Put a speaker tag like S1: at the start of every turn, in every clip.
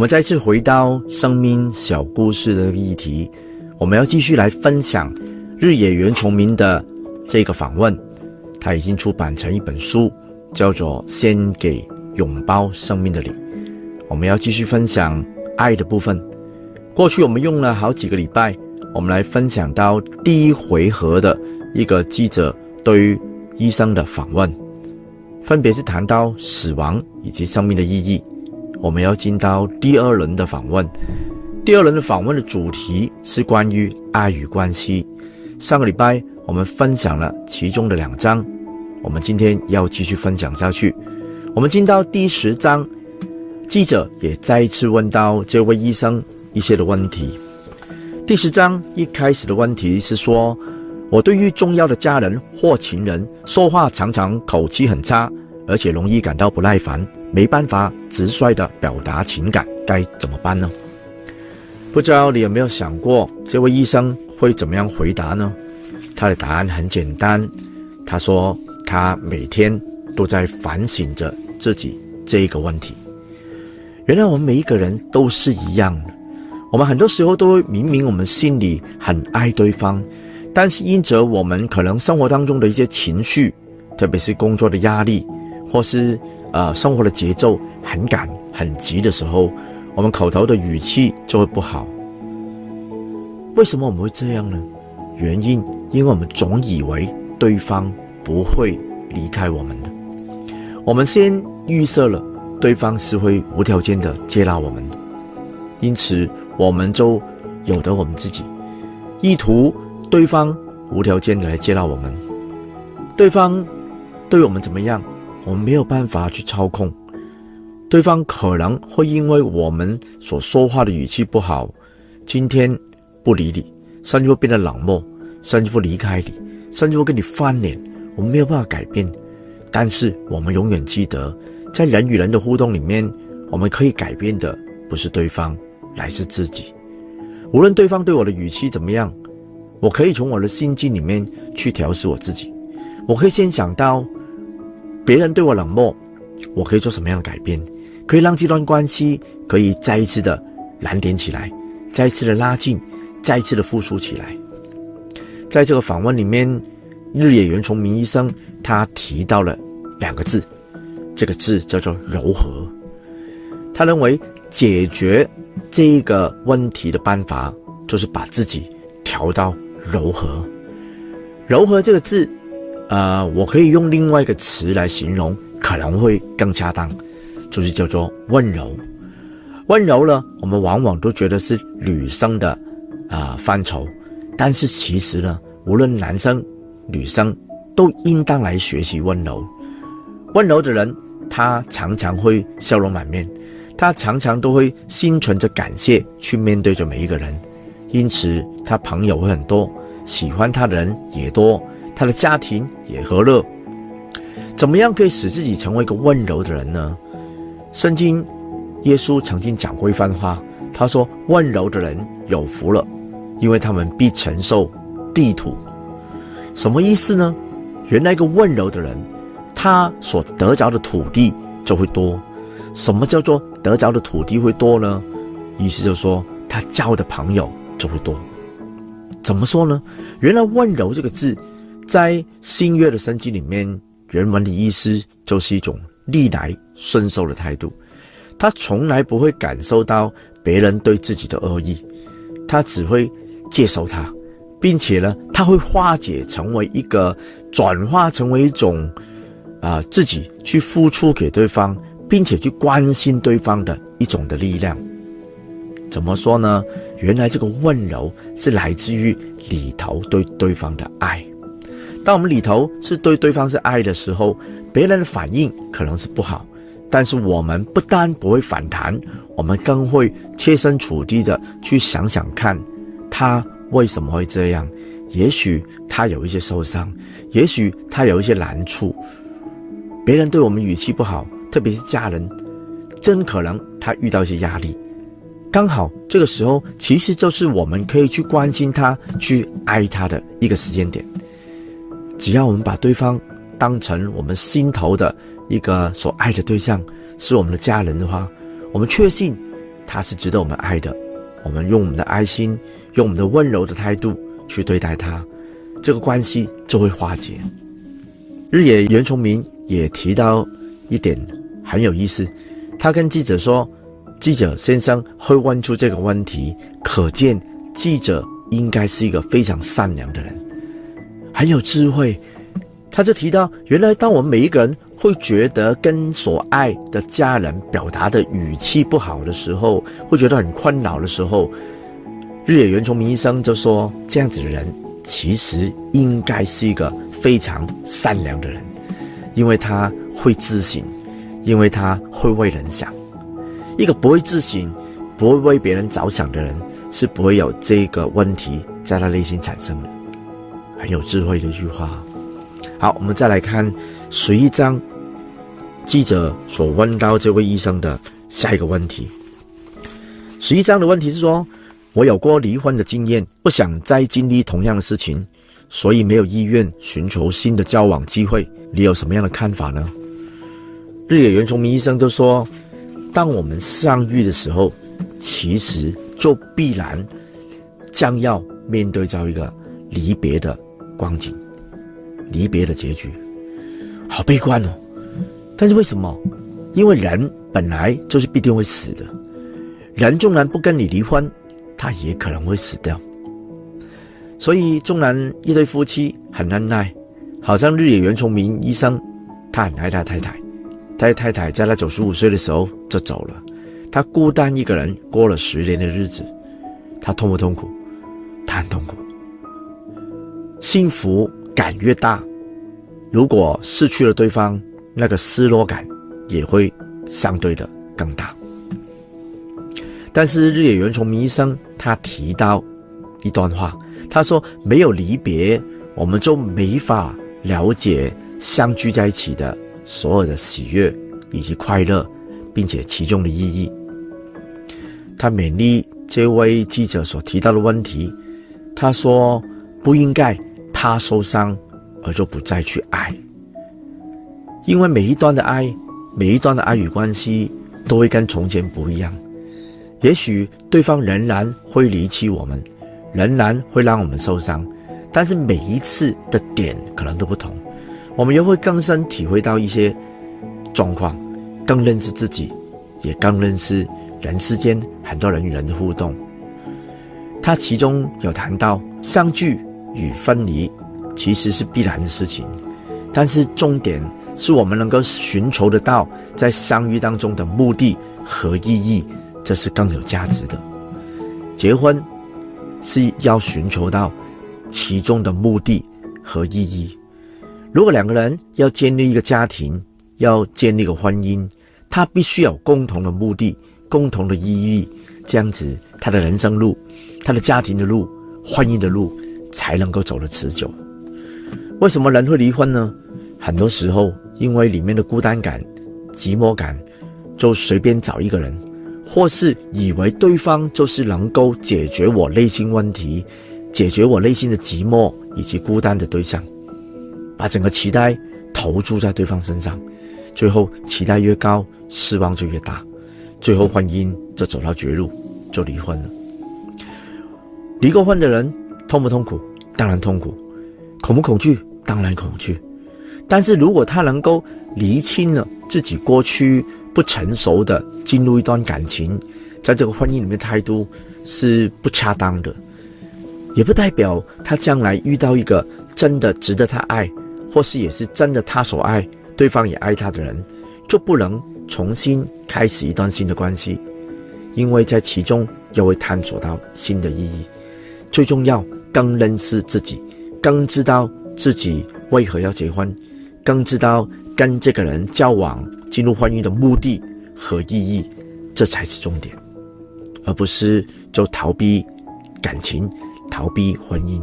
S1: 我們再次回到生命小故事的議題，我們要繼續來分享日野原重明的這個訪問，他已經出版成一本書，叫做《獻給擁抱生命的你》，我們要繼續分享愛的部分。過去我們用了好幾個禮拜，我們來分享到第一回合的一個記者對於醫生的訪問，分別是談到死亡以及生命的意義。我們要進到第二輪的訪問，第二輪的訪問的主題是關於愛與關係。上個禮拜我們分享了其中的兩章，我們今天要繼續分享下去。我們進到第十章，記者也再一次問到這位醫生一些的問題。第十章一開始的問題是說，我對於重要的家人或情人說話常常口氣很差。而且容易感到不耐煩，沒辦法直率地表達情感，該怎麼辦呢？不知道你有沒有想過，這位醫生會怎麼樣回答呢？他的答案很簡單，他說他每天都在反省着自己這個問題。原來我們每一個人都是一樣的，我們很多時候都明明我們心裡很愛對方，但是因着我們可能生活當中的一些情緒，特別是工作的壓力。或是呃生活的節奏很趕很急的時候，我們口頭的語氣就會不好。為什麼我們會這樣呢？原因，因為我們總以為對方不會離開我們的，我們先預設了對方是會無條件的接納我們的，因此我們就有的我們自己意圖對方無條件的來接納我們，對方對我們怎麼樣？我們沒有辦法去操控，對方可能會因為我們所說話的語氣不好，今天不理你，甚至會變得冷漠，甚至會離開你，甚至會跟你翻臉。我們沒有辦法改變，但是我們永遠記得，在人與人的互動裡面，我們可以改變的不是對方，乃是自己。無論對方對我的語氣怎麼樣，我可以從我的心境裡面去調試我自己。我可以先想到。別人對我冷漠，我可以做什麼樣的改變，可以讓這段關係可以再一次的燃點起來，再一次的拉近，再一次的復蘇起來？在這個訪問裡面，日野原重明醫生他提到了兩個字，這個字叫做“柔和”。他認為解決這個問題的辦法就是把自己調到柔和。柔和這個字。呃，我可以用另外一個詞來形容，可能會更恰當，就是叫做溫柔。溫柔呢，我們往往都覺得是女生的啊、呃、範疇，但是其實呢，無論男生、女生，都應當來學習溫柔。溫柔的人，他常常會笑容滿面，他常常都會心存着感謝去面對着每一個人，因此他朋友會很多，喜歡他的人也多。他的家庭也和樂，怎麼樣可以使自己成為一個溫柔的人呢？聖經耶穌曾經講過一番話，他說：“溫柔的人有福了，因為他們必承受地土。”什麼意思呢？原來一個溫柔的人，他所得着的土地就會多。什麼叫做得着的土地會多呢？意思就是說他交的朋友就會多。怎麼說呢？原來溫柔這個字，在新約的聖經裡面，原文的意思就是一種逆來順受的態度。他從來不會感受到別人對自己的惡意，他只會接受它，並且呢，他會化解成為一個轉化成為一種啊、呃、自己去付出給對方，並且去關心對方的一種的力量。怎麼說呢？原來這個溫柔是來自於裡頭對對方的愛。當我們裡頭是對對方是愛的時候，別人的反應可能是不好，但是我們不但不會反彈，我們更會切身處地的去想想看，他為什麼會這樣？也許他有一些受傷，也許他有一些難處。別人對我們語氣不好，特別是家人，真可能他遇到一些壓力。剛好這個時候，其實就是我們可以去關心他，去愛他的一個時間點。只要我們把對方當成我們心頭的一個所愛的對象，是我們的家人的話，我們確信他是值得我們愛的。我們用我們的愛心，用我們的溫柔的態度去對待他，這個關係就會化解。日野原重明也提到一點很有意思，他跟記者說：“記者先生會問出這個問題，可見記者應該是一個非常善良的人。”很有智慧，他就提到，原來當我們每一個人會覺得跟所愛的家人表達的語氣不好的時候，會覺得很困擾的時候，日野原重明醫生就說，這樣子的人其實應該是一個非常善良的人，因為他會自省，因為他會為人想。一個不會自省、不會為別人着想的人，是不會有這個問題在他內心產生的。很有智慧的一句話。好，我們再來看十一章，記者所問到這位醫生的下一個問題。十一章的問題是說：“我有過離婚的經驗，不想再經歷同樣的事情，所以沒有意願尋求新的交往機會。你有什麼樣的看法呢？”日野原重明醫生就說：“當我們相遇的時候，其實就必然將要面對着一個離別的。”光景，離別的結局，好悲觀哦。但是為什麼？因為人本來就是必定會死的。人縱然不跟你離婚，他也可能會死掉。所以縱然一對夫妻很恩愛，好像日野原重明醫生，他很愛他太太，他的太太在他九十五歲的時候就走了，他孤單一個人過了十年的日子，他痛不痛苦？他很痛苦。幸福感越大，如果失去了對方，那個失落感也會相對的更大。但是日野原重明醫生他提到一段話，他說：“沒有離別，我們就沒法了解相聚在一起的所有的喜悅以及快樂，並且其中的意義。”他勉勵這位記者所提到的問題，他說：“不應該。”他受傷，而就不再去愛，因為每一段的愛，每一段的愛與關係，都會跟從前不一樣。也許對方仍然會離棄我們，仍然會讓我們受傷，但是每一次的點可能都不同，我們又會更深體會到一些狀況，更認識自己，也更認識人世間很多人與人的互動。他其中有談到相聚與分離，其實是必然的事情，但是重點是我們能夠尋求得到在相遇當中的目的和意義，這是更有價值的。結婚是要尋求到其中的目的和意義。如果兩個人要建立一個家庭，要建立一個婚姻，他必須有共同的目的、共同的意義，這樣子他的人生路、他的家庭的路、婚姻的路。才能夠走得持久。為什麼人會離婚呢？很多時候，因為裡面的孤單感、寂寞感，就隨便找一個人，或是以為對方就是能夠解決我內心問題、解決我內心的寂寞以及孤單的對象，把整個期待投注在對方身上，最後期待越高，失望就越大，最後婚姻就走到絕路，就離婚了。離過婚的人，痛不痛苦？當然痛苦。恐不恐懼？當然恐懼。但是如果他能夠釐清了自己過去不成熟的進入一段感情，在這個婚姻裡面的態度是不恰當的，也不代表他將來遇到一個真的值得他愛，或是也是真的他所愛，對方也愛他的人，就不能重新開始一段新的關係，因為在其中又會探索到新的意義。最重要。更認識自己，更知道自己為何要結婚，更知道跟這個人交往進入婚姻的目的和意義，這才是重點，而不是就逃避感情，逃避婚姻。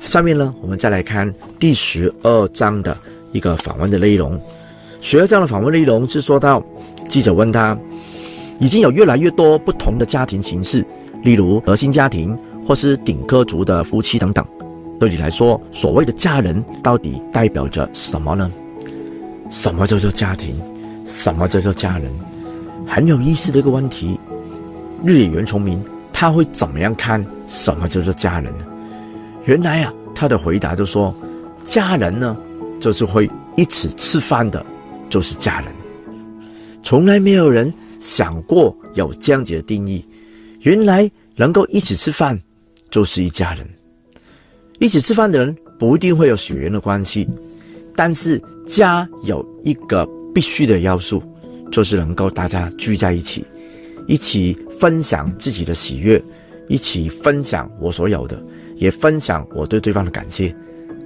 S1: 下面呢，我們再來看第十二章的一個訪問的內容。十二章的訪問內容是說到，記者問他，已經有越來越多不同的家庭形式，例如核心家庭。或是頂客族的夫妻等等，對你來說，所謂的家人到底代表着什麼呢？什麼叫做家庭？什麼叫做家人？很有意思的一個問題。日野原重明他會怎麼樣看什麼叫做家人呢？原來啊，他的回答就說：家人呢，就是會一起吃飯的，就是家人。從來沒有人想過有這樣子的定義。原來能夠一起吃飯。就是一家人，一起吃飯的人不一定會有血緣的關係，但是家有一個必須的要素，就是能夠大家聚在一起，一起分享自己的喜悅，一起分享我所有的，也分享我對對方的感謝，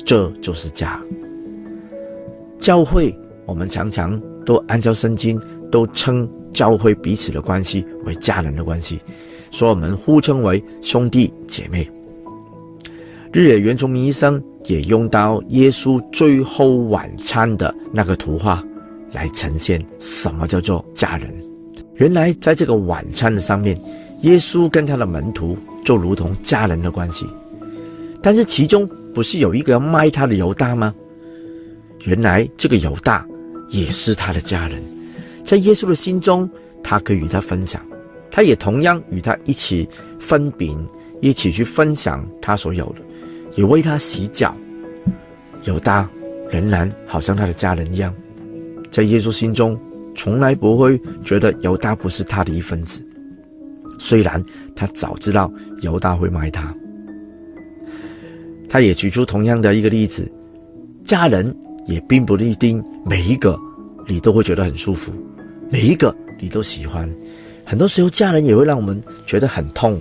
S1: 這就是家。教會，我們常常都按照聖經，都稱教會彼此的關係為家人的關係。所以我們互稱為兄弟姐妹。日野原重明醫生也用到耶穌最後晚餐的那個圖畫來呈現什麼叫做家人。原來在這個晚餐的上面，耶穌跟他的門徒就如同家人的關係。但是其中不是有一個要賣他的猶大嗎？原來這個猶大也是他的家人，在耶穌的心中，他可以與他分享。他也同樣與他一起分餅，一起去分享他所有的，也為他洗腳。猶大仍然好像他的家人一樣，在耶穌心中，從來不會覺得猶大不是他的一份子。雖然他早知道猶大會賣他，他也舉出同樣的一個例子：家人也並不一定每一個你都會覺得很舒服，每一個你都喜歡。很多時候，家人也會讓我們覺得很痛、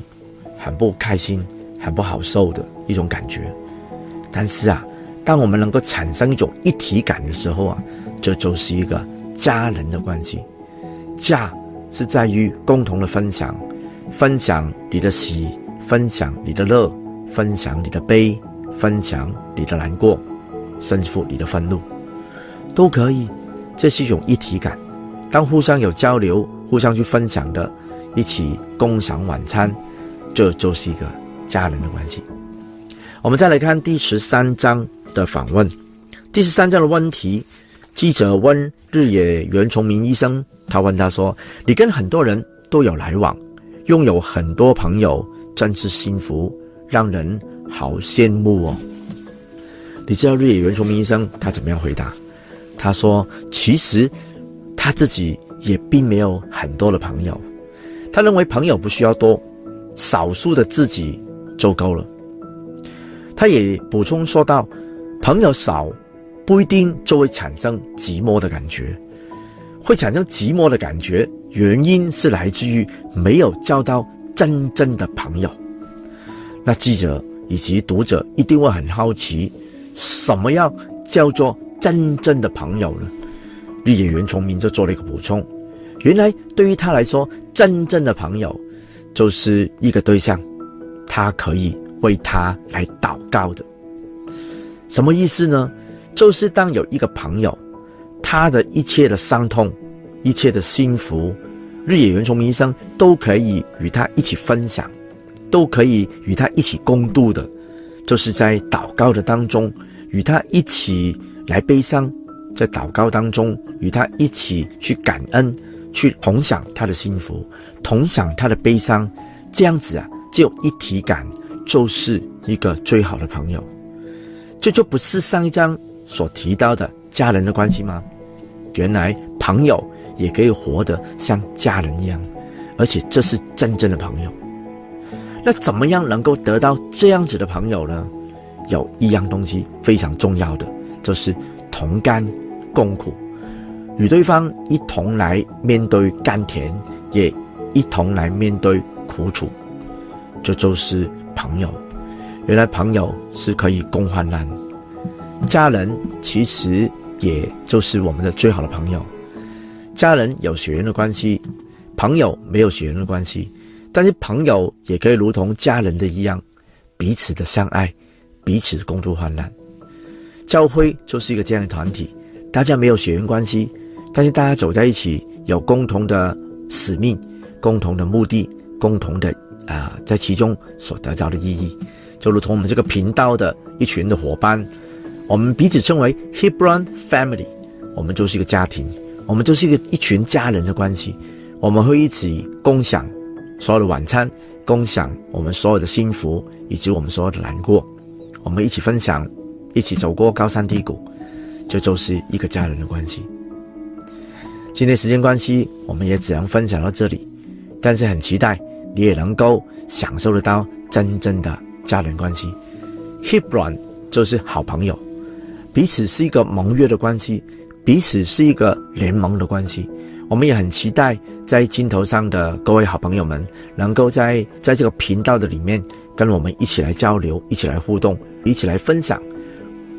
S1: 很不開心、很不好受的一種感覺。但是啊，當我們能夠產生一種一體感的時候啊，這就是一個家人的關係。家是在於共同的分享，分享你的喜，分享你的樂，分享你的悲，分享你的難過，甚至乎你的憤怒，都可以。這是一種一體感，當互相有交流。互相去分享的，一起共享晚餐，這就是一個家人的關係。我們再來看第十三章的訪問。第十三章的問題，記者問日野原重明醫生，他問他說：“你跟很多人都有來往，擁有很多朋友，真是幸福，讓人好羨慕哦。”你知道日野原重明醫生他怎麼樣回答？他說：“其實他自己。”也並沒有很多的朋友，他認為朋友不需要多，少數的自己就夠了。他也補充說到，朋友少不一定就會產生寂寞的感覺，會產生寂寞的感覺，原因是來自於沒有交到真正的朋友。那記者以及讀者一定會很好奇，什麼樣叫做真正的朋友呢？日野原重明就做了一個補充，原來對於他來說，真正的朋友，就是一個對象，他可以為他來禱告的。什麼意思呢？就是當有一個朋友，他的一切的傷痛、一切的幸福，日野原重明醫生都可以與他一起分享，都可以與他一起共度的，就是在禱告的當中，與他一起來悲傷。在禱告當中，與他一起去感恩，去同享他的幸福，同享他的悲傷，這樣子啊，就有一體感，就是一個最好的朋友。這就不是上一章所提到的家人的關係嗎？原來朋友也可以活得像家人一樣，而且這是真正的朋友。那怎麼樣能夠得到這樣子的朋友呢？有一樣東西非常重要的，就是同甘。共苦，與對方一同來面對甘甜，也一同來面對苦楚。這就是朋友。原來朋友是可以共患難。家人其實也就是我們的最好的朋友。家人有血緣的關係，朋友沒有血緣的關係，但是朋友也可以如同家人的一樣，彼此的相愛，彼此共度患難。教會就是一個這樣的團體。大家沒有血緣關係，但是大家走在一起，有共同的使命、共同的目的、共同的啊、呃，在其中所得到的意義，就如同我們這個頻道的一群的伙伴，我們彼此稱為 Hebron Family，我們就是一個家庭，我們就是一個一群家人的關係，我們會一起共享所有的晚餐，共享我們所有的幸福以及我們所有的難過，我們一起分享，一起走過高山低谷。就就是一個家人的關係。今天時間關係，我們也只能分享到這裡，但是很期待你也能夠享受得到真正的家人關係。Hebron 就是好朋友，彼此是一個盟約的關係，彼此是一個聯盟的關係。我們也很期待在鏡頭上的各位好朋友們，能夠在在這個頻道的裡面跟我們一起來交流，一起來互動，一起來分享，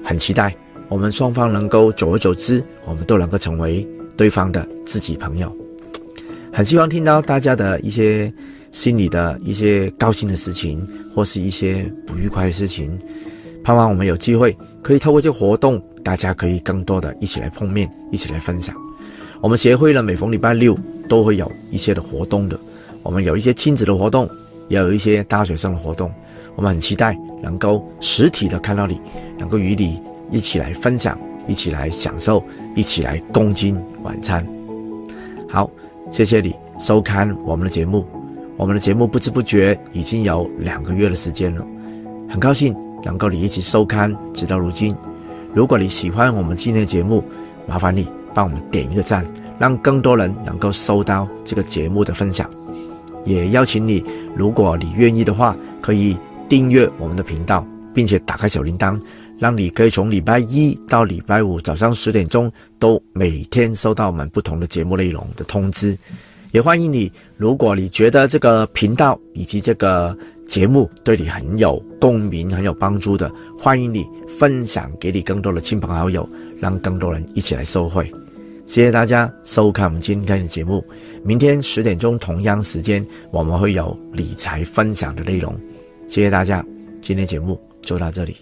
S1: 很期待。我們雙方能夠久而久之，我們都能夠成為對方的知己朋友。很希望聽到大家的一些心裡的一些高興的事情，或是一些不愉快的事情。盼望我們有機會可以透過這個活動，大家可以更多的一起來碰面，一起來分享。我們協會呢，每逢禮拜六都會有一些的活動的。我們有一些親子的活動，也有一些大學生的活動。我們很期待能夠實體的看到你，能夠與你。一起來分享，一起來享受，一起來共進晚餐。好，謝謝你收看我們的節目。我們的節目不知不覺已經有兩個月的時間了，很高興能夠你一直收看，直到如今。如果你喜歡我們今天的節目，麻煩你幫我們點一個讚，讓更多人能夠收到這個節目的分享。也邀請你，如果你願意的話，可以訂閱我們的頻道，並且打開小鈴鐺。讓你可以從禮拜一到禮拜五早上十點鐘都每天收到我們不同的節目內容的通知。也歡迎你，如果你覺得這個頻道以及這個節目對你很有共鳴、很有幫助的，歡迎你分享給你更多的親朋好友，讓更多人一起來受惠。謝謝大家收看我們今天的節目。明天十點鐘同樣時間，我們會有理財分享的內容。謝謝大家，今天節目就到這裡。